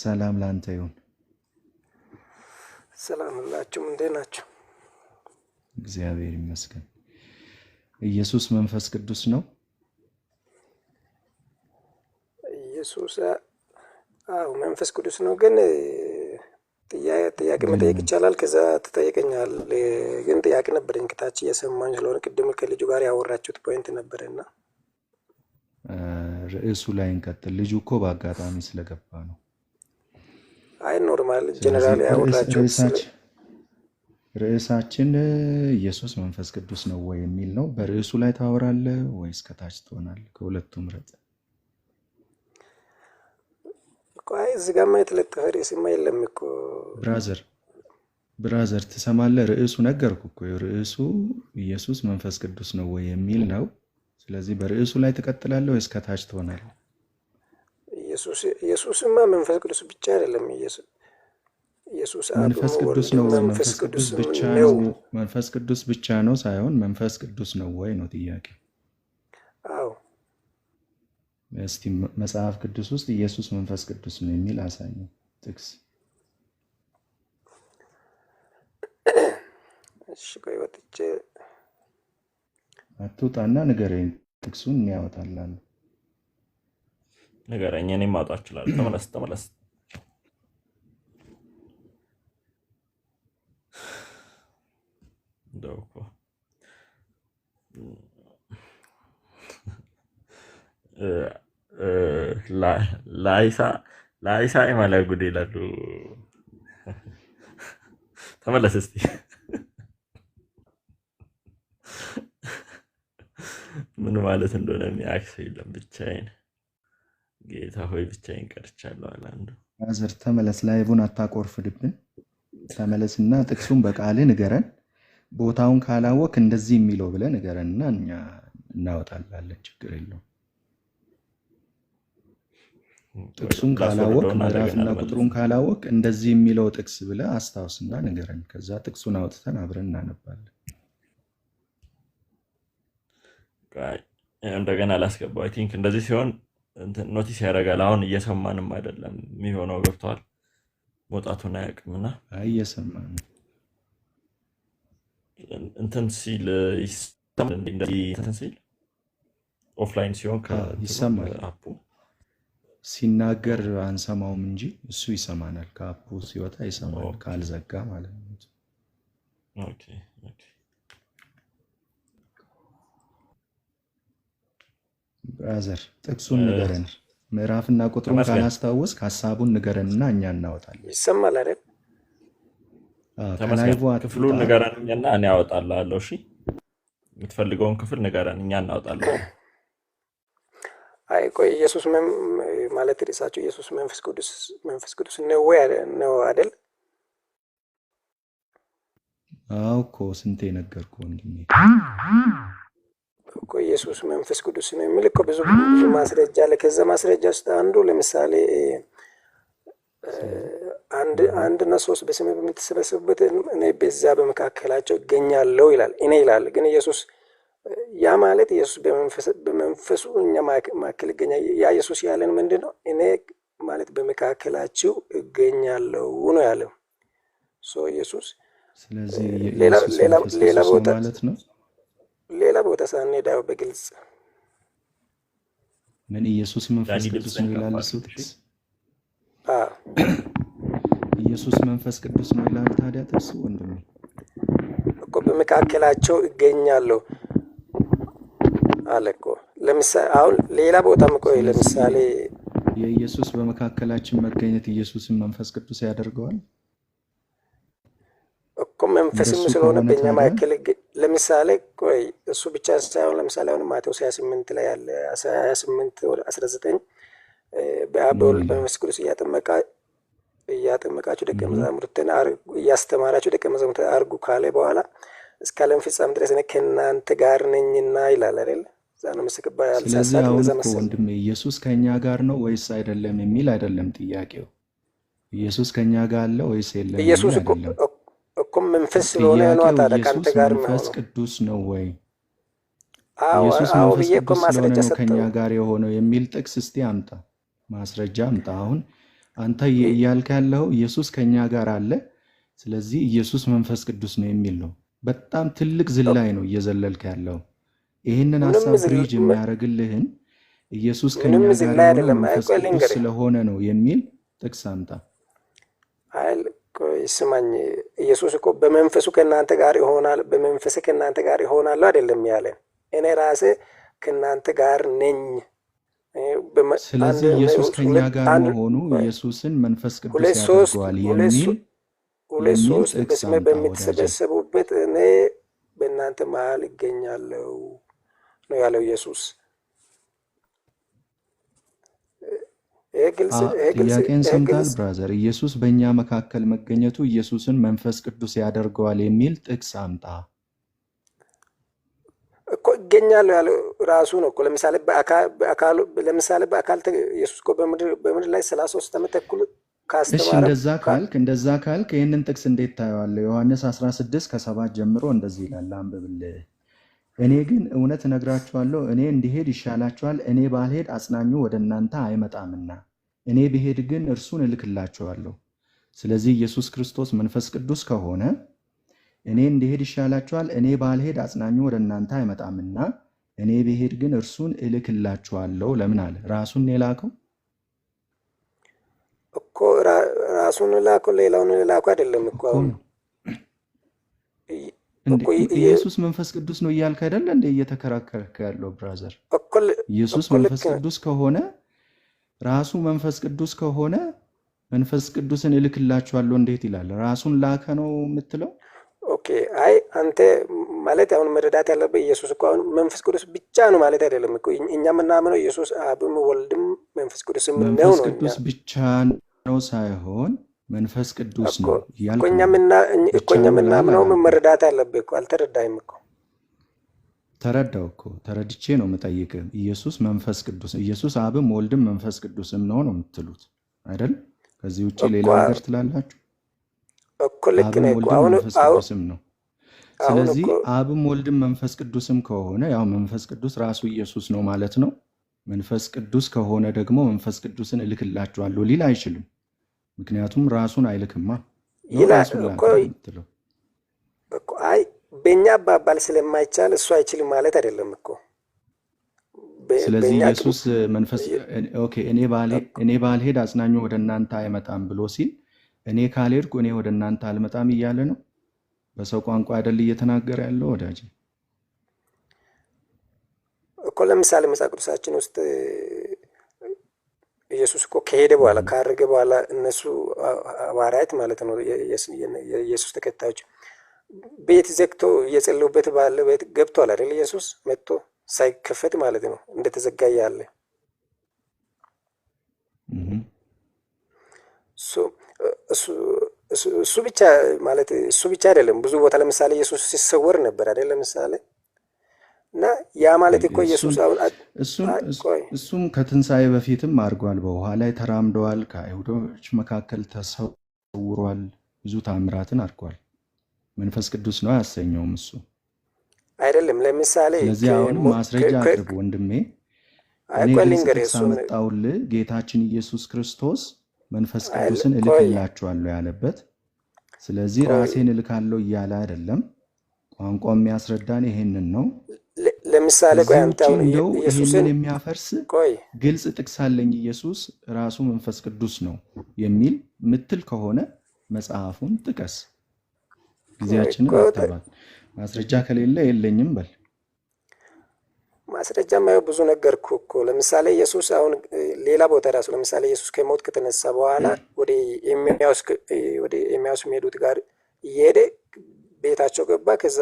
ሰላም ለአንተ ይሁን። ሰላም ላችሁም፣ እንዴት ናቸው? እግዚአብሔር ይመስገን። ኢየሱስ መንፈስ ቅዱስ ነው። ኢየሱስ አዎ መንፈስ ቅዱስ ነው። ግን ጥያቄ መጠየቅ ይቻላል? ከዛ ትጠይቀኛል። ግን ጥያቄ ነበረኝ ከታች እየሰማኝ ስለሆነ ቅድም ከልጁ ጋር ያወራችሁት ፖይንት ነበረና ርዕሱ ላይ እንቀጥል። ልጁ እኮ በአጋጣሚ ስለገባ ነው ይጠቅማል። ጀነራል ያወራቸው ርዕሳችን ኢየሱስ መንፈስ ቅዱስ ነው ወይ የሚል ነው። በርዕሱ ላይ ታወራለህ ወይስ ከታች ትሆናለህ? ከሁለቱም ምረጥ። ቆይ እዚህ ጋማ የተለጠፈ ርዕስማ የለም እኮ ብራዘር ብራዘር ትሰማለህ? ርዕሱ ነገርኩ እኮ ርዕሱ ኢየሱስ መንፈስ ቅዱስ ነው ወይ የሚል ነው። ስለዚህ በርዕሱ ላይ ትቀጥላለህ ወይስ ከታች ትሆናለህ? ኢየሱስማ መንፈስ ቅዱስ ብቻ አይደለም። ኢየሱስ መንፈስ ቅዱስ ነው። ወይ? መንፈስ ቅዱስ ብቻ ነው። መንፈስ ቅዱስ ብቻ ነው ሳይሆን መንፈስ ቅዱስ ነው ወይ ነው ጥያቄ። አዎ፣ እስቲ መጽሐፍ ቅዱስ ውስጥ ኢየሱስ መንፈስ ቅዱስ ነው የሚል አሳኝ ጥቅስ። እሺ፣ ቆይ ወጥቼ አትውጣና ንገረኝ። ጥቅሱን እንያወጣላለን። ንገረኝ፣ እኔ ማውጣት እችላለሁ። ተመለስ፣ ተመለስ dooku ላይሳ የማሊያ ጉድ ይላሉ። ተመለስ እስቲ ምን ማለት እንደሆነ የሚያክስ የለም። ብቻዬን ጌታ ሆይ ብቻዬን ቀርቻለሁ አለ አንዱ። አዘር ተመለስ፣ ላይቡን አታቆርፍድብን። ተመለስና ጥቅሱን በቃል ንገረን። ቦታውን ካላወቅ እንደዚህ የሚለው ብለህ ንገረንና እኛ እናወጣላለን። ችግር የለውም። ጥቅሱን ካላወቅ ምዕራፍና ቁጥሩን ካላወቅ እንደዚህ የሚለው ጥቅስ ብለህ አስታውስና ንገረን። ከዛ ጥቅሱን አውጥተን አብረን እናነባለን። እንደገና ላስገባው። አይ ቲንክ እንደዚህ ሲሆን ኖቲስ ያደርጋል። አሁን እየሰማንም አይደለም የሚሆነው። ገብተዋል መውጣቱን አያውቅምና እየሰማ ነው እንትን ሲል እንትን ሲል ኦፍላይን ሲሆን ይሰማል። ሲናገር አንሰማውም እንጂ እሱ ይሰማናል። ከአፑ ሲወጣ ይሰማል፣ ካልዘጋ ማለት ነው። ብራዘር ጥቅሱን ንገረን፣ ምዕራፍና ቁጥሩን ካላስታወስክ ሀሳቡን ንገረንና እኛ እናወጣለን። ይሰማል አይደል? ክፍሉን ንገረን እኛና እኔ አወጣልሃለሁ። እሺ የምትፈልገውን ክፍል ንገረን እኛ እናወጣለን። አይ ቆይ ኢየሱስ ማለት ርዕሳቸው ኢየሱስ መንፈስ ቅዱስ መንፈስ ቅዱስ ነው ነው አው ኮ ስንቴ ነገርኩ ወንድሜ እኮ ኢየሱስ መንፈስ ቅዱስ ነው የሚል እኮ ብዙ ማስረጃ አለ። ከዛ ማስረጃ ውስጥ አንዱ ለምሳሌ አንድ አንድና ሶስት በስሜ በምትሰበሰቡበት እኔ በዛ በመካከላቸው እገኛለሁ ይላል። እኔ ይላል ግን ኢየሱስ ያ ማለት ኢየሱስ በመንፈሱ እኛ መካከል ይገኛል። ያ ኢየሱስ ያለን ምንድን ነው? እኔ ማለት በመካከላችሁ እገኛለሁ ነው ያለው ኢየሱስ። ስለዚህ ሌላ ቦታ ሳንሄድ በግልጽ ምን ኢየሱስ መንፈስ ቅዱስ ነው ይላል እሱ ጥቅስ ኢየሱስ መንፈስ ቅዱስ ነው ይላል። ታዲያ ጥርሱ ወንድሜ እኮ በመካከላቸው እገኛለሁ አለ እኮ። ለምሳሌ አሁን ሌላ ቦታም እኮ ለምሳሌ የኢየሱስ በመካከላችን መገኘት ኢየሱስን መንፈስ ቅዱስ ያደርገዋል እኮ መንፈስም ስለሆነ በኛ መካከል ለምሳሌ ቆይ እሱ ብቻ ሳይሆን ለምሳሌ አሁን ማቴዎስ 28 ላይ ያለ 28 19 በአብ በወልድ በመንፈስ ቅዱስ እያጠመቃቸው ደቀ መዛሙርትን እያስተማራቸው ደቀ መዛሙርትን አርጉ ካለ በኋላ እስከ ዓለም ፍጻሜ ድረስ እኔ ከእናንተ ጋር ነኝና ይላል አይደል? ስለዚህ አሁን ወንድሜ ኢየሱስ ከእኛ ጋር ነው ወይስ አይደለም የሚል አይደለም ጥያቄው። ኢየሱስ ከእኛ ጋር አለ ወይስ የለም? ኢየሱስ እኮ መንፈስ ስለሆነ ነው። ታዲያ ከአንተ ጋር መንፈስ ቅዱስ ነው ወይ? ኢየሱስ መንፈስ ቅዱስ ስለሆነ ነው ከእኛ ጋር የሆነው የሚል ጥቅስ እስቲ አምጣ። ማስረጃ አምጣ። አሁን አንተ እያልከ ያለው ኢየሱስ ከኛ ጋር አለ፣ ስለዚህ ኢየሱስ መንፈስ ቅዱስ ነው የሚል ነው። በጣም ትልቅ ዝላይ ነው እየዘለልክ ያለው። ይህንን ሀሳብ ፍሪጅ የሚያደርግልህን ኢየሱስ ከኛ ጋር መንፈስ ቅዱስ ስለሆነ ነው የሚል ጥቅስ አምጣ። ስማኝ፣ ኢየሱስ እኮ በመንፈሱ ከእናንተ ጋር ይሆናል፣ በመንፈስ ከእናንተ ጋር ይሆናሉ አይደለም ያለን። እኔ ራሴ ከእናንተ ጋር ነኝ ስለዚህ ኢየሱስ ከኛ ጋር መሆኑ ኢየሱስን መንፈስ ቅዱስ ያደርገዋል የሚል የሚል ጥቅስ በምትሰበሰቡበት እኔ በእናንተ መሀል ይገኛለው ነው ያለው ኢየሱስ። ጥያቄን ሰምታል ብራዘር። ኢየሱስ በእኛ መካከል መገኘቱ ኢየሱስን መንፈስ ቅዱስ ያደርገዋል የሚል ጥቅስ አምጣ እኮ ይገኛለሁ ያለው ራሱ ነው እኮ ለምሳሌ በአካል ለምሳሌ በአካል ኢየሱስ እኮ በምድር ላይ ሰላሳ ሶስት ዓመት ተኩል ካስተማረ እንደዛ ካልክ እንደዛ ካልክ ይህንን ጥቅስ እንዴት ታየዋለህ? ዮሐንስ 16 ከሰባት ጀምሮ እንደዚህ ይላል፣ አንብብልህ። እኔ ግን እውነት እነግራችኋለሁ፣ እኔ እንዲሄድ ይሻላችኋል፣ እኔ ባልሄድ አጽናኙ ወደ እናንተ አይመጣምና፣ እኔ ብሄድ ግን እርሱን እልክላችኋለሁ። ስለዚህ ኢየሱስ ክርስቶስ መንፈስ ቅዱስ ከሆነ እኔ እንዲሄድ ይሻላችኋል፣ እኔ ባልሄድ አጽናኙ ወደ እናንተ አይመጣምና እኔ ብሄድ ግን እርሱን እልክላችኋለሁ። ለምን አለ? ራሱን የላከው እኮ ራሱን ላከው፣ ሌላውን ላከው አይደለም እኮ አሁን ኢየሱስ መንፈስ ቅዱስ ነው እያልክ አይደለ እንደ እየተከራከረ ያለው ብራዘር። ኢየሱስ መንፈስ ቅዱስ ከሆነ ራሱ መንፈስ ቅዱስ ከሆነ መንፈስ ቅዱስን እልክላችኋለሁ እንዴት ይላል? ራሱን ላከ ነው የምትለው? ኦኬ። አይ አንተ ማለት አሁን መረዳት ያለበት ኢየሱስ እኮ አሁን መንፈስ ቅዱስ ብቻ ነው ማለት አይደለም እኮ እኛ የምናምነው ኢየሱስ አብም ወልድም መንፈስ ቅዱስ የምንለው ነው። ቅዱስ ብቻ ነው ሳይሆን መንፈስ ቅዱስ ነው እኮ እኛ የምናምነው መረዳት ያለበት እኮ አልተረዳይም እኮ ተረዳው እኮ ተረድቼ ነው የምጠይቅ። ኢየሱስ መንፈስ ቅዱስ ኢየሱስ አብም ወልድም መንፈስ ቅዱስም ነው ነው የምትሉት አይደል? ከዚህ ውጭ ሌላ ነገር ትላላችሁ? እኮ ልክ ነው። አሁን ነው ስለዚህ አብም ወልድም መንፈስ ቅዱስም ከሆነ ያው መንፈስ ቅዱስ ራሱ ኢየሱስ ነው ማለት ነው። መንፈስ ቅዱስ ከሆነ ደግሞ መንፈስ ቅዱስን እልክላችኋለሁ ሊል አይችልም። ምክንያቱም ራሱን አይልክማ። አይ በእኛ አባባል ስለማይቻል እሱ አይችልም ማለት አይደለም እኮ። ስለዚህ ኢየሱስ መንፈስ እኔ ባልሄድ አጽናኙ ወደ እናንተ አይመጣም ብሎ ሲል እኔ ካልሄድኩ እኔ ወደ እናንተ አልመጣም እያለ ነው። በሰው ቋንቋ አይደል እየተናገረ ያለው ወዳጅ እኮ። ለምሳሌ መጽሐፍ ቅዱሳችን ውስጥ ኢየሱስ እኮ ከሄደ በኋላ ካረገ በኋላ እነሱ ሐዋርያት ማለት ነው የኢየሱስ ተከታዮች ቤት ዘግቶ እየጸለዩበት ባለ ቤት ገብቷል አይደል? ኢየሱስ መጥቶ ሳይከፈት ማለት ነው እንደተዘጋ ያለ እሱ እሱ ብቻ ማለት እሱ ብቻ አይደለም። ብዙ ቦታ ለምሳሌ ኢየሱስ ሲሰወር ነበር አይደል? ለምሳሌ እና ያ ማለት እኮ ኢየሱስ እሱም ከትንሣኤ በፊትም አድርጓል። በውሃ ላይ ተራምደዋል። ከአይሁዶች መካከል ተሰውሯል። ብዙ ታምራትን አድርጓል። መንፈስ ቅዱስ ነው አያሰኘውም እሱ አይደለም። ለምሳሌ ስለዚህ አሁን ማስረጃ አቅርብ ወንድሜ፣ እኔ ግልጽ ጌታችን ኢየሱስ ክርስቶስ መንፈስ ቅዱስን እልክላችኋለሁ ያለበት። ስለዚህ ራሴን እልካለሁ እያለ አይደለም። ቋንቋ የሚያስረዳን ይሄንን ነው። ለምሳሌ ይህንን የሚያፈርስ ግልጽ ጥቅስ አለኝ። ኢየሱስ ራሱ መንፈስ ቅዱስ ነው የሚል ምትል ከሆነ መጽሐፉን ጥቀስ። ጊዜያችንን አታባል። ማስረጃ ከሌለ የለኝም በል። ማስረጃ ማየው ብዙ ነገርኩ እኮ ለምሳሌ ኢየሱስ አሁን ሌላ ቦታ ራሱ ለምሳሌ ኢየሱስ ከሞት ከተነሳ በኋላ ወደ ኤሚያውስ የሚሄዱት ጋር እየሄደ ቤታቸው ገባ። ከዛ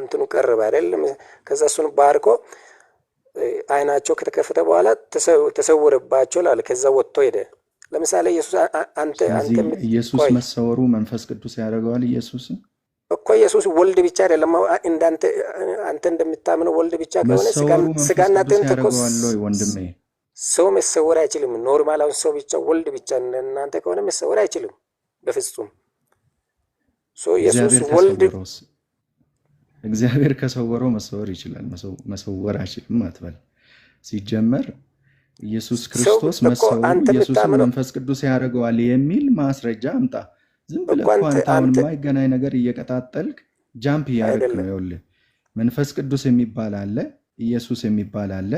እንትኑ ቀረበ አይደለም። ከዛ እሱን ባርኮ አይናቸው ከተከፈተ በኋላ ተሰወረባቸው ላለ ከዛ ወጥቶ ሄደ። ለምሳሌ ኢየሱስ አንተ ኢየሱስ መሰወሩ መንፈስ ቅዱስ ያደርገዋል ኢየሱስ እኮ ኢየሱስ ወልድ ብቻ አይደለም። እንዳንተ አንተ እንደምታምነው ወልድ ብቻ ከሆነ ስጋና አጥንት እኮ ሰው መሰወር አይችልም። ኖርማል አሁን ሰው ብቻ ወልድ ብቻ እናንተ ከሆነ መሰወር አይችልም በፍጹም። ኢየሱስ ወልድ እግዚአብሔር ከሰወረው መሰወር ይችላል። መሰወር አይችልም አትበል። ሲጀመር ኢየሱስ ክርስቶስ መሰወሩ ኢየሱስ መንፈስ ቅዱስ ያደርገዋል የሚል ማስረጃ አምጣ። ዝም ብለህ ኳንታውን የማይገናኝ ነገር እየቀጣጠልክ ጃምፕ እያደረግ ነው። ይኸውልህ መንፈስ ቅዱስ የሚባል አለ፣ ኢየሱስ የሚባል አለ።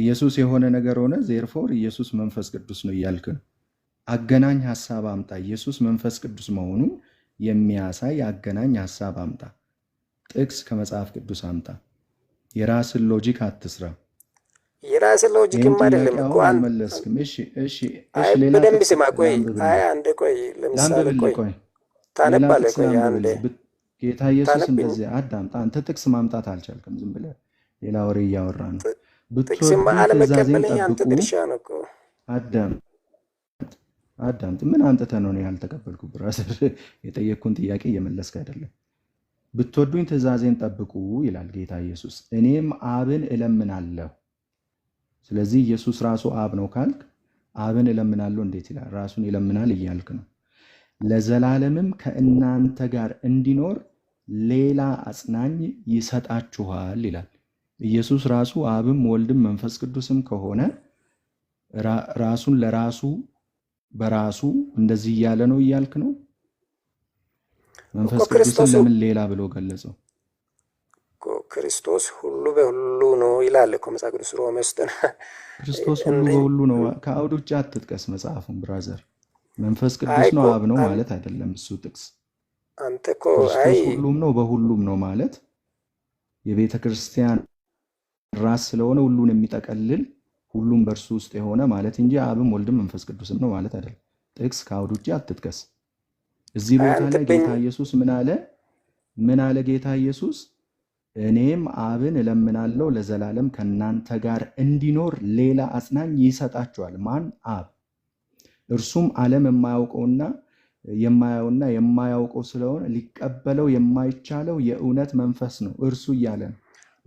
ኢየሱስ የሆነ ነገር ሆነ፣ ዜርፎር ኢየሱስ መንፈስ ቅዱስ ነው እያልክ ነው። አገናኝ ሀሳብ አምጣ። ኢየሱስ መንፈስ ቅዱስ መሆኑን የሚያሳይ አገናኝ ሀሳብ አምጣ። ጥቅስ ከመጽሐፍ ቅዱስ አምጣ። የራስን ሎጂክ አትስራ። የራስ ሎጂክም አይደለም እኮ እሺ እሺ እሺ፣ በደንብ ስማ። ቆይ አይ አንዴ ቆይ፣ ለምሳሌ ቆይ ታነባለህ። ቆይ አንዴ ጌታ ኢየሱስ እንደዚህ አዳምጣ። አንተ ጥቅስ ማምጣት አልቻልክም፣ ዝም ብለህ ሌላ ወሬ እያወራ ነው። ጥቅስማ አለመቀበለኝ አንተ ድርሻ ነው እኮ አዳም አዳምጥ። ምን አንጥተህ ነው ያልተቀበልኩ? ብራዘር የጠየቅኩን ጥያቄ እየመለስክ አይደለም። ብትወዱኝ ትእዛዜን ጠብቁ ይላል ጌታ ኢየሱስ። እኔም አብን እለምናለሁ ስለዚህ ኢየሱስ ራሱ አብ ነው ካልክ አብን እለምናለሁ እንዴት ይላል? ራሱን ይለምናል እያልክ ነው። ለዘላለምም ከእናንተ ጋር እንዲኖር ሌላ አጽናኝ ይሰጣችኋል ይላል። ኢየሱስ ራሱ አብም ወልድም መንፈስ ቅዱስም ከሆነ ራሱን ለራሱ በራሱ እንደዚህ እያለ ነው እያልክ ነው። መንፈስ ቅዱስን ለምን ሌላ ብሎ ገለጸው? ክርስቶስ ሁሉ በሁሉ ነው ይላል እኮ መጽሐፍ ቅዱስ ሮሜ ውስጥ። ክርስቶስ ሁሉ በሁሉ ነው። ከአውድ ውጭ አትጥቀስ መጽሐፉን ብራዘር። መንፈስ ቅዱስ ነው አብ ነው ማለት አይደለም። እሱ ጥቅስ አንተ እኮ ክርስቶስ ሁሉም ነው በሁሉም ነው ማለት የቤተ ክርስቲያን ራስ ስለሆነ ሁሉን የሚጠቀልል ሁሉም በእርሱ ውስጥ የሆነ ማለት እንጂ አብም ወልድም መንፈስ ቅዱስም ነው ማለት አይደለም። ጥቅስ ከአውድ ውጭ አትጥቀስ። እዚህ ቦታ ላይ ጌታ ኢየሱስ ምን አለ? ምን አለ ጌታ ኢየሱስ እኔም አብን እለምናለሁ ለዘላለም ከእናንተ ጋር እንዲኖር ሌላ አጽናኝ ይሰጣችኋል። ማን? አብ። እርሱም ዓለም የማያውቀውና የማያውና የማያውቀው ስለሆነ ሊቀበለው የማይቻለው የእውነት መንፈስ ነው እርሱ እያለ ነው።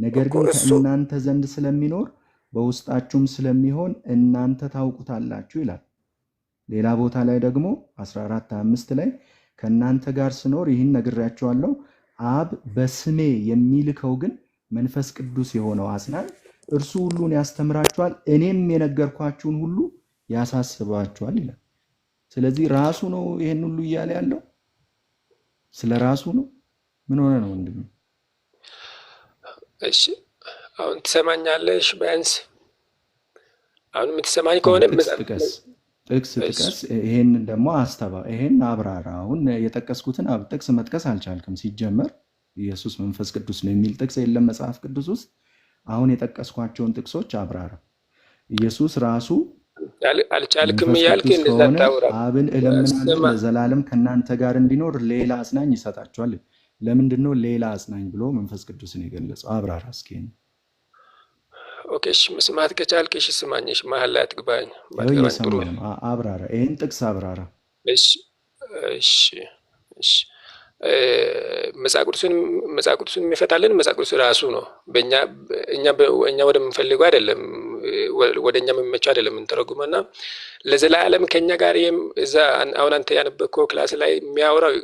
ነገር ግን ከእናንተ ዘንድ ስለሚኖር በውስጣችሁም ስለሚሆን እናንተ ታውቁታላችሁ ይላል። ሌላ ቦታ ላይ ደግሞ 145 ላይ ከእናንተ ጋር ስኖር ይህን ነግሬያችኋለሁ አብ በስሜ የሚልከው ግን መንፈስ ቅዱስ የሆነው አጽናኝ እርሱ ሁሉን ያስተምራችኋል፣ እኔም የነገርኳችሁን ሁሉ ያሳስባችኋል ይላል። ስለዚህ ራሱ ነው ይሄን ሁሉ እያለ ያለው ስለ ራሱ ነው። ምን ሆነ ነው ወንድም? እሺ አሁን ትሰማኛለሽ? ቢያንስ አሁን የምትሰማኝ ከሆነ ጥቅስ ጥቀስ፣ ይሄን ደግሞ አስተባ ይሄን አብራራ። አሁን የጠቀስኩትን ጥቅስ መጥቀስ አልቻልክም። ሲጀመር ኢየሱስ መንፈስ ቅዱስ ነው የሚል ጥቅስ የለም መጽሐፍ ቅዱስ ውስጥ። አሁን የጠቀስኳቸውን ጥቅሶች አብራራ። ኢየሱስ ራሱ አልቻልክም እያልክ አብን እለምናለሁ ለዘላለም ከእናንተ ጋር እንዲኖር ሌላ አጽናኝ ይሰጣችኋል። ለምንድነው ሌላ አጽናኝ ብሎ መንፈስ ቅዱስን የገለጸው? አብራራ እስኪ። ኦኬሽ እሺ፣ መስማት ከቻልክ እሺ ስማኝ። መሀል ላይ አትግባኝ። አብራራ፣ ይህን ጥቅስ አብራራ። እሺ እሺ እሺ መጽሐፍ ቅዱስን የሚፈታልን መጽሐፍ ቅዱስ ራሱ ነው። እኛ ወደምንፈልገው አይደለም፣ ወደ እኛ የሚመቸው አይደለም የምንተረጉመው እና ለዘላለም ከእኛ ጋር እዛ አሁን አንተ ያነበብከው ክላስ ላይ የሚያወራው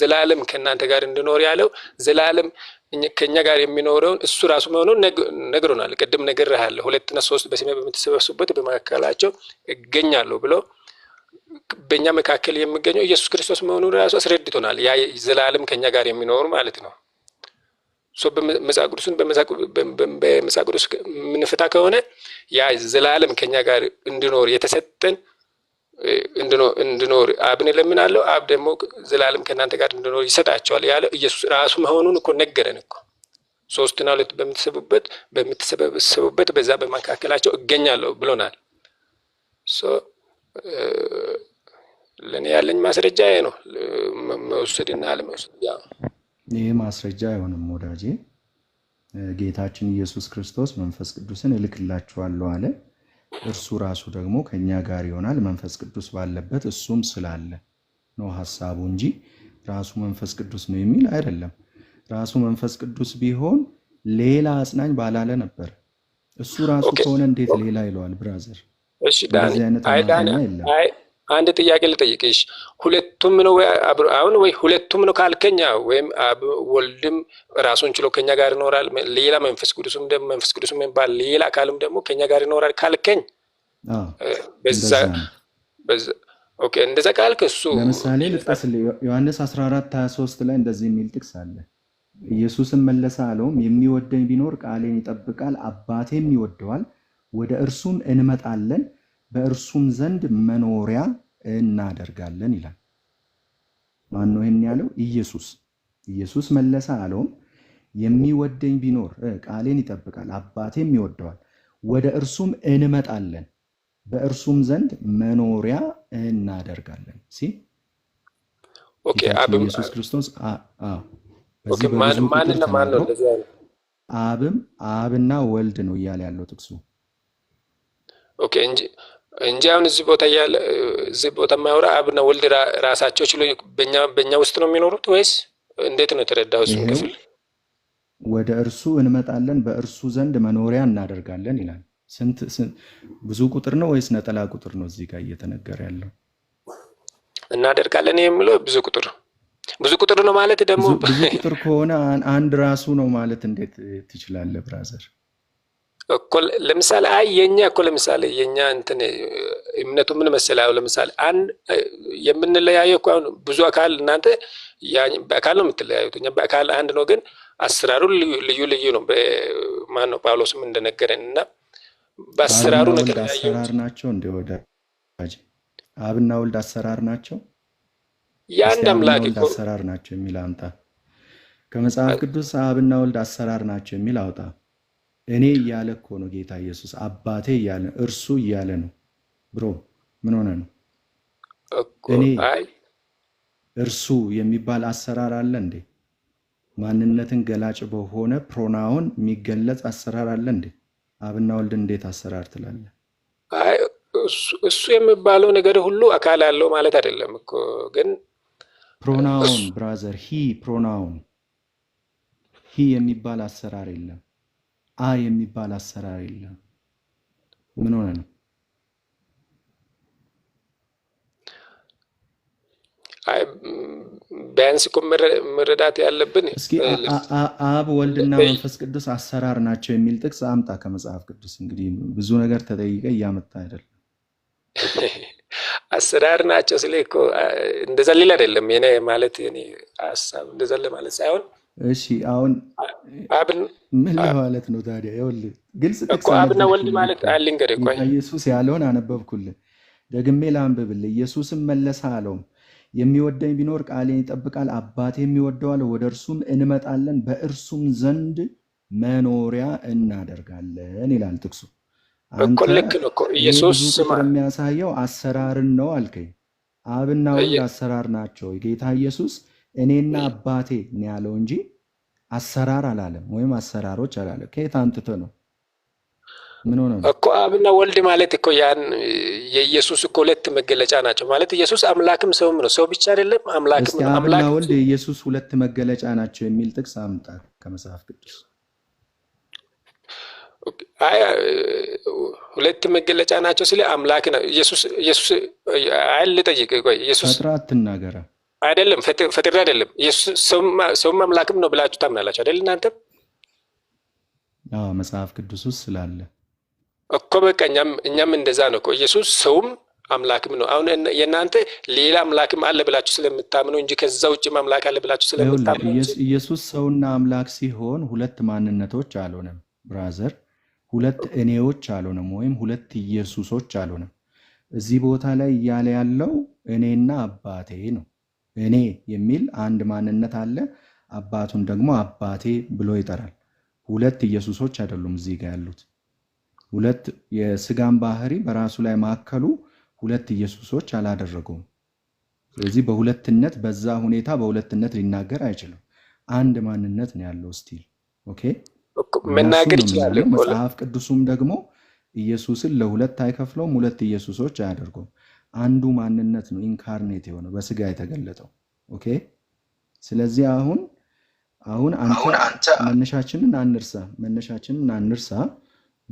ዘላለም ከእናንተ ጋር እንድኖር ያለው ዘላለም ከኛ ጋር የሚኖረው እሱ ራሱ መሆኑን ነግሮናል። ቅድም ነግሬሃለሁ፣ ሁለትና ሶስት በስሜ በምትሰበሱበት በመካከላቸው እገኛለሁ ብሎ በእኛ መካከል የሚገኘው ኢየሱስ ክርስቶስ መሆኑን ራሱ አስረድቶናል። ያ ዘላለም ከኛ ጋር የሚኖሩ ማለት ነው። መጽሐፍ ቅዱስን በመጽሐፍ ቅዱስ የምንፈታ ከሆነ ያ ዘላለም ከኛ ጋር እንዲኖር የተሰጠን እንድኖር አብን እለምናለሁ፣ አብ ደግሞ ዘላለም ከእናንተ ጋር እንድኖር ይሰጣቸዋል ያለ ኢየሱስ ራሱ መሆኑን እኮ ነገረን እኮ። ሶስትና ሁለት በምትሰቡበት በምትሰበሰቡበት በዛ በመካከላቸው እገኛለሁ ብሎናል። ለእኔ ያለኝ ማስረጃ ይሄ ነው። መውሰድና አለመውሰድ ይህ ማስረጃ አይሆንም ወዳጄ። ጌታችን ኢየሱስ ክርስቶስ መንፈስ ቅዱስን እልክላችኋለሁ አለ። እርሱ ራሱ ደግሞ ከእኛ ጋር ይሆናል መንፈስ ቅዱስ ባለበት እሱም ስላለ ነው ሀሳቡ እንጂ ራሱ መንፈስ ቅዱስ ነው የሚል አይደለም። ራሱ መንፈስ ቅዱስ ቢሆን ሌላ አጽናኝ ባላለ ነበር። እሱ ራሱ ከሆነ እንዴት ሌላ ይለዋል? ብራዘር፣ እንደዚህ አይነት የለም። አንድ ጥያቄ ልጠይቅሽ። ሁለቱም ነው አሁን ወይ ሁለቱም ነው ካልከኛ ወይም ወልድም ራሱን ችሎ ከኛ ጋር ይኖራል፣ ሌላ መንፈስ ቅዱስም ደግሞ መንፈስ ቅዱስም የሚባል ሌላ አካልም ደግሞ ከኛ ጋር ይኖራል ካልከኝ እንደዛ ካልክ እሱ ለምሳሌ ልጥቀስ ዮሐንስ 14 23 ላይ እንደዚህ የሚል ጥቅስ አለ። ኢየሱስን መለሰ አለውም የሚወደኝ ቢኖር ቃሌን ይጠብቃል፣ አባቴም ይወደዋል፣ ወደ እርሱም እንመጣለን በእርሱም ዘንድ መኖሪያ እናደርጋለን ይላል። ማን ነው ይህን ያለው? ኢየሱስ። ኢየሱስ መለሰ አለውም የሚወደኝ ቢኖር ቃሌን ይጠብቃል፣ አባቴም ይወደዋል፣ ወደ እርሱም እንመጣለን፣ በእርሱም ዘንድ መኖሪያ እናደርጋለን። ሲ ኢየሱስ ክርስቶስ አብም አብና ወልድ ነው እያለ ያለው ጥቅሱ እንጂ እንጂ አሁን እዚህ ቦታ እያለ እዚህ ቦታ የማያወራ አብና ወልድ ራሳቸው ችሎ በእኛ ውስጥ ነው የሚኖሩት ወይስ እንዴት ነው የተረዳው? እሱን ክፍል ወደ እርሱ እንመጣለን በእርሱ ዘንድ መኖሪያ እናደርጋለን ይላል። ስንት ብዙ ቁጥር ነው ወይስ ነጠላ ቁጥር ነው? እዚህ ጋር እየተነገረ ያለው እናደርጋለን የሚለው ብዙ ቁጥር ብዙ ቁጥር ነው ማለት ደግሞ ብዙ ቁጥር ከሆነ አንድ ራሱ ነው ማለት እንዴት ትችላለህ ብራዘር? ለምሳሌ አይ የኛ እኮ ለምሳሌ የኛ እንትን እምነቱ ምን መሰለ ያው ለምሳሌ አንድ የምንለያየው እኮ አሁን ብዙ አካል እናንተ በአካል ነው የምትለያዩት፣ እኛ በአካል አንድ ነው፣ ግን አሰራሩ ልዩ ልዩ ነው። ማን ነው ጳውሎስም እንደነገረን እና በአሰራሩ ነው አሰራር ናቸው እንደ ወዳጅ አብና ወልድ አሰራር ናቸው፣ የአንድ አምላክ አሰራር ናቸው የሚል አምጣ። ከመጽሐፍ ቅዱስ አብና ወልድ አሰራር ናቸው የሚል አውጣ እኔ እያለ እኮ ነው ጌታ ኢየሱስ። አባቴ እያለ እርሱ እያለ ነው። ብሮ ምን ሆነ ነው? እኔ እርሱ የሚባል አሰራር አለ እንዴ? ማንነትን ገላጭ በሆነ ፕሮናውን የሚገለጽ አሰራር አለ እንዴ? አብና ወልድ እንዴት አሰራር ትላለ? እሱ የሚባለው ነገር ሁሉ አካል አለው ማለት አይደለም እኮ ግን ፕሮናውን ብራዘር ሂ ፕሮናውን ሂ የሚባል አሰራር የለም። አ የሚባል አሰራር የለም። ምን ሆነ ነው? ቢያንስ እኮ መረዳት ያለብን አብ ወልድና መንፈስ ቅዱስ አሰራር ናቸው የሚል ጥቅስ አምጣ ከመጽሐፍ ቅዱስ። እንግዲህ ብዙ ነገር ተጠይቀ እያመጣ አይደለም። አሰራር ናቸው ስለ እኮ እንደዛ ሌላ አይደለም። የኔ ማለት ሀሳብ እንደዛ ለማለት ሳይሆን እሺ አሁን ምን ለማለት ነው ታዲያ? ይኸውልህ ግልጽ አብና ወልድ ማለት ልንገርህ። ኢየሱስ ያለውን አነበብኩልህ፣ ደግሜ ላንብብልህ። ኢየሱስም መለሰ አለውም የሚወደኝ ቢኖር ቃሌን ይጠብቃል፣ አባቴም የሚወደዋል፣ ወደ እርሱም እንመጣለን፣ በእርሱም ዘንድ መኖሪያ እናደርጋለን ይላል ጥቅሱ። ኢየሱስ የሚያሳየው አሰራርን ነው አልከኝ። አብና ወልድ አሰራር ናቸው። ጌታ ኢየሱስ እኔና አባቴ ነው ያለው እንጂ አሰራር አላለም፣ ወይም አሰራሮች አላለም። ከየት አንጥተ ነው? ምን ሆነ እኮ አብና ወልድ ማለት እኮ ያን የኢየሱስ እኮ ሁለት መገለጫ ናቸው ማለት ኢየሱስ አምላክም ሰውም ነው። ሰው ብቻ አይደለም አምላክም ነው። አብና ወልድ የኢየሱስ ሁለት መገለጫ ናቸው የሚል ጥቅስ አምጣ ከመጽሐፍ ቅዱስ። አይ ሁለት መገለጫ ናቸው ስለ አምላክ ነው ኢየሱስ ኢየሱስ አይ ልጠይቅ ቆይ ኢየሱስ አትናገራ አይደለም ፈጥሬ አይደለም ሰውም አምላክም ነው ብላችሁ ታምናላችሁ አይደል? እናንተም መጽሐፍ ቅዱስ ውስጥ ስላለ እኮ በቃ እኛም እንደዛ ነው እኮ ኢየሱስ ሰውም አምላክም ነው። አሁን የእናንተ ሌላ አምላክም አለ ብላችሁ ስለምታምኑ እንጂ ከዛ ውጭም አምላክ አለ ብላችሁ ስለምታምኑ ኢየሱስ ሰውና አምላክ ሲሆን ሁለት ማንነቶች አልሆነም ብራዘር፣ ሁለት እኔዎች አልሆነም ወይም ሁለት ኢየሱሶች አልሆነም። እዚህ ቦታ ላይ እያለ ያለው እኔና አባቴ ነው። እኔ የሚል አንድ ማንነት አለ። አባቱን ደግሞ አባቴ ብሎ ይጠራል። ሁለት ኢየሱሶች አይደሉም እዚህ ጋር ያሉት። ሁለት የስጋን ባህሪ በራሱ ላይ ማከሉ ሁለት ኢየሱሶች አላደረገውም። ስለዚህ በሁለትነት በዛ ሁኔታ በሁለትነት ሊናገር አይችልም። አንድ ማንነት ነው ያለው። ስቲል ኦኬ መናገር ይችላል። መጽሐፍ ቅዱሱም ደግሞ ኢየሱስን ለሁለት አይከፍለውም። ሁለት ኢየሱሶች አያደርገውም። አንዱ ማንነት ነው ኢንካርኔት የሆነ በስጋ የተገለጠው። ኦኬ። ስለዚህ አሁን አሁን አንተ መነሻችንን አንርሳ፣ መነሻችንን አንርሳ።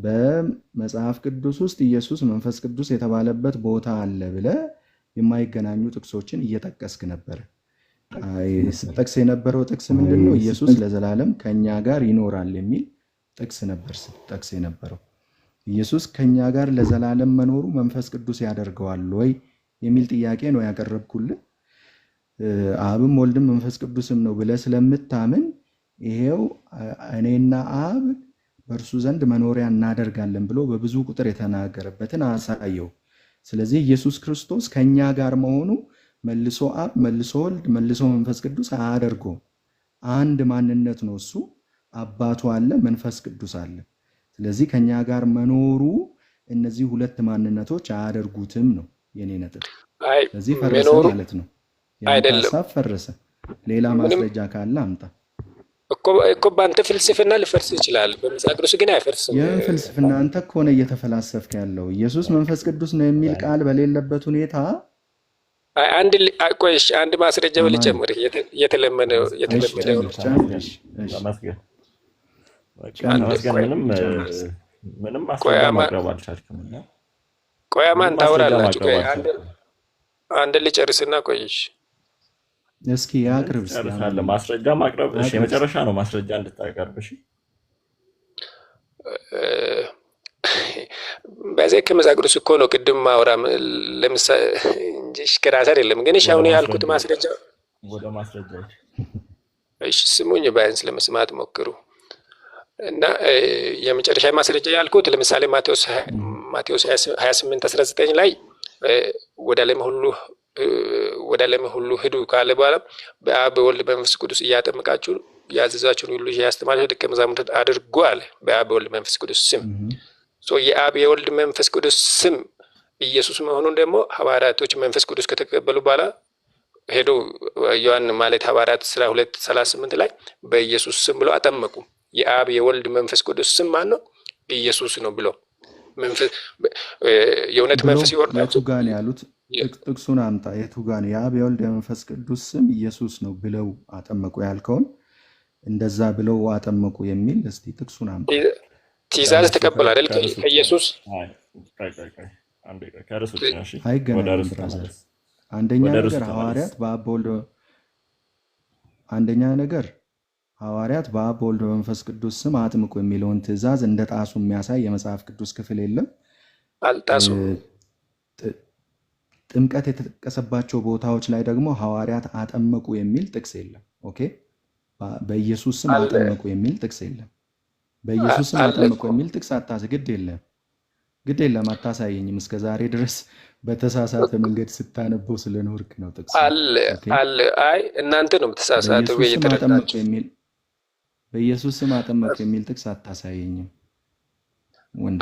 በመጽሐፍ ቅዱስ ውስጥ ኢየሱስ መንፈስ ቅዱስ የተባለበት ቦታ አለ ብለ የማይገናኙ ጥቅሶችን እየጠቀስክ ነበር። ስጠቅስ የነበረው ጥቅስ ምንድን ነው? ኢየሱስ ለዘላለም ከእኛ ጋር ይኖራል የሚል ጥቅስ ነበር ጠቅስ የነበረው። ኢየሱስ ከእኛ ጋር ለዘላለም መኖሩ መንፈስ ቅዱስ ያደርገዋል ወይ የሚል ጥያቄ ነው ያቀረብኩልን። አብም ወልድም መንፈስ ቅዱስም ነው ብለህ ስለምታምን ይሄው እኔና አብ በእርሱ ዘንድ መኖሪያ እናደርጋለን ብሎ በብዙ ቁጥር የተናገረበትን አሳየው። ስለዚህ ኢየሱስ ክርስቶስ ከእኛ ጋር መሆኑ መልሶ አብ፣ መልሶ ወልድ፣ መልሶ መንፈስ ቅዱስ አያደርገውም። አንድ ማንነት ነው እሱ። አባቱ አለ፣ መንፈስ ቅዱስ አለ። ስለዚህ ከኛ ጋር መኖሩ እነዚህ ሁለት ማንነቶች አያደርጉትም ነው የኔ ነጥብ። ስለዚህ ፈረሰ ማለት ነው ሀሳብ ፈረሰ። ሌላ ማስረጃ ካለ አምጣ። እኮ በአንተ ፍልስፍና ልፈርስ ይችላል፣ በመጽሐፍ ቅዱስ ግን አይፈርስም። ይህም ፍልስፍና አንተ ከሆነ እየተፈላሰፍክ ያለው። ኢየሱስ መንፈስ ቅዱስ ነው የሚል ቃል በሌለበት ሁኔታ አንድ ማስረጃ በልጨምር የተለመደው ምንም አስረዳ ማቅረብ አልቻልክም። ቆይ አማን ታወራላችሁ። አንድ ልጨርስና ቆይሽ እስኪ አቅርብ። ማስረጃ ማቅረብ የመጨረሻ ነው። ማስረጃ እንድታቀርብሽ በዚህ ከመዛግሮች እኮ ነው ቅድም ማውራም ለምሳሌ እንጂ ሽከራታ አይደለም። ግን አሁን ያልኩት ማስረጃ ወደ ማስረጃ እሺ፣ ስሙኝ ባይንስ ለመስማት ሞክሩ። እና የመጨረሻ ማስረጃ ያልኩት ለምሳሌ ማቴዎስ 28 19 ላይ ወደ ዓለም ሁሉ ወደ ዓለም ሁሉ ሂዱ ካለ በኋላ በአብ በወልድ በመንፈስ ቅዱስ እያጠመቃችሁ ያዘዛችሁን ሁሉ ያስተማራችሁ ደቀ መዛሙርት አድርጉ አለ። በአብ በወልድ መንፈስ ቅዱስ ስም የአብ የወልድ መንፈስ ቅዱስ ስም ኢየሱስ መሆኑን ደግሞ ሐዋርያቶች መንፈስ ቅዱስ ከተቀበሉ በኋላ ሄዶ ዮሐን ማለት ሐዋርያት ስራ ሁለት ሰላሳ ስምንት ላይ በኢየሱስ ስም ብሎ አጠመቁ። የአብ የወልድ መንፈስ ቅዱስ ስም ማን ነው? ኢየሱስ ነው ብሎ የእውነት መንፈስ ይወርዳቸው ጋር ነው ያሉት። ጥቅሱን አምጣ። የቱ ጋር ነው የአብ የወልድ የመንፈስ ቅዱስ ስም ኢየሱስ ነው ብለው አጠመቁ ያልከውን እንደዛ ብለው አጠመቁ የሚል እስቲ ጥቅሱን አምጣ። ትእዛዝ ተቀበል አይደል? ከኢየሱስ አይገናኝም። አንደኛ ነገር ሐዋርያት በአብ በወልድ አንደኛ ነገር ሐዋርያት በአብ በወልድ በመንፈስ ቅዱስ ስም አጥምቁ የሚለውን ትእዛዝ እንደ ጣሱ የሚያሳይ የመጽሐፍ ቅዱስ ክፍል የለም። አልጣሱ ጥምቀት የተጠቀሰባቸው ቦታዎች ላይ ደግሞ ሐዋርያት አጠመቁ የሚል ጥቅስ የለም። ኦኬ፣ በኢየሱስ ስም አጠመቁ የሚል ጥቅስ የለም። በኢየሱስ ስም አጠመቁ የሚል ጥቅስ አታስ ግድ የለም ግድ የለም አታሳየኝም። እስከ ዛሬ ድረስ በተሳሳተ መንገድ ስታነበው ስለኖርክ ነው። ጥቅስ አለ አለ። አይ እናንተ ነው ተሳሳተ ወይ የተረዳችሁ የሚል በኢየሱስ ስም አጠመቅ የሚል ጥቅስ አታሳየኝም።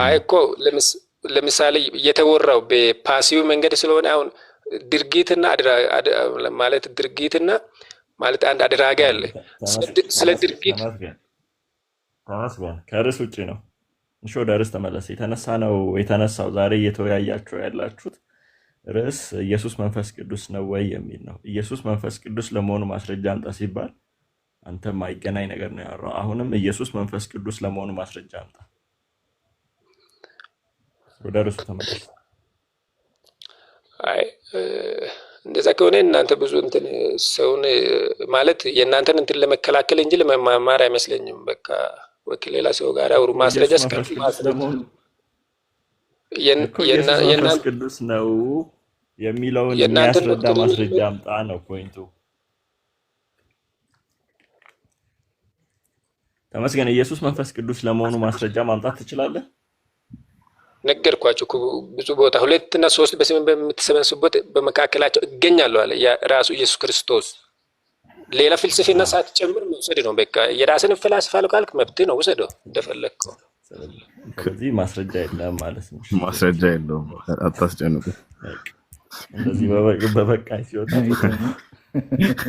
አይ እኮ ለምሳሌ የተወራው በፓሲቭ መንገድ ስለሆነ አሁን ድርጊትና ማለት ድርጊትና ማለት አንድ አድራጊ አለ። ስለ ድርጊት ከርዕስ ውጭ ነው። እሺ ወደ ርዕስ ተመለሰ። የተነሳ ነው የተነሳው። ዛሬ እየተወያያቸው ያላችሁት ርዕስ ኢየሱስ መንፈስ ቅዱስ ነው ወይ የሚል ነው። ኢየሱስ መንፈስ ቅዱስ ለመሆኑ ማስረጃ አምጣ ሲባል አንተ የማይገናኝ ነገር ነው ያወራው። አሁንም ኢየሱስ መንፈስ ቅዱስ ለመሆኑ ማስረጃ አምጣ። ወደ ርሱ ተመለስ። አይ እንደዛ ከሆነ እናንተ ብዙ እንትን ሰውን ማለት የእናንተን እንትን ለመከላከል እንጂ ለመማማር አይመስለኝም። በቃ ወይ ከሌላ ሰው ጋር አውሩ። ማስረጃ እስካሁን ማስረጃ ቅዱስ ነው የሚለውን የሚያስረዳ ማስረጃ አምጣ ነው ፖይንቱ። ተመስገን ኢየሱስ መንፈስ ቅዱስ ለመሆኑ ማስረጃ ማምጣት ትችላለህ? ነገርኳቸው ብዙ ቦታ ሁለትና ሶስት በስሜ በምትሰበስቡበት በመካከላቸው እገኛለሁ አለ ራሱ ኢየሱስ ክርስቶስ። ሌላ ፍልስፍና ሳትጨምር መውሰድ ነው። በቃ የራስን ፍላስፋ ካልክ መብት ነው፣ ውሰደው እንደፈለግከው። ከዚህ ማስረጃ የለም ማለት ነው። ማስረጃ የለውም፣ አታስጨንቁ። እንደዚህ በበቃ ሲወጣ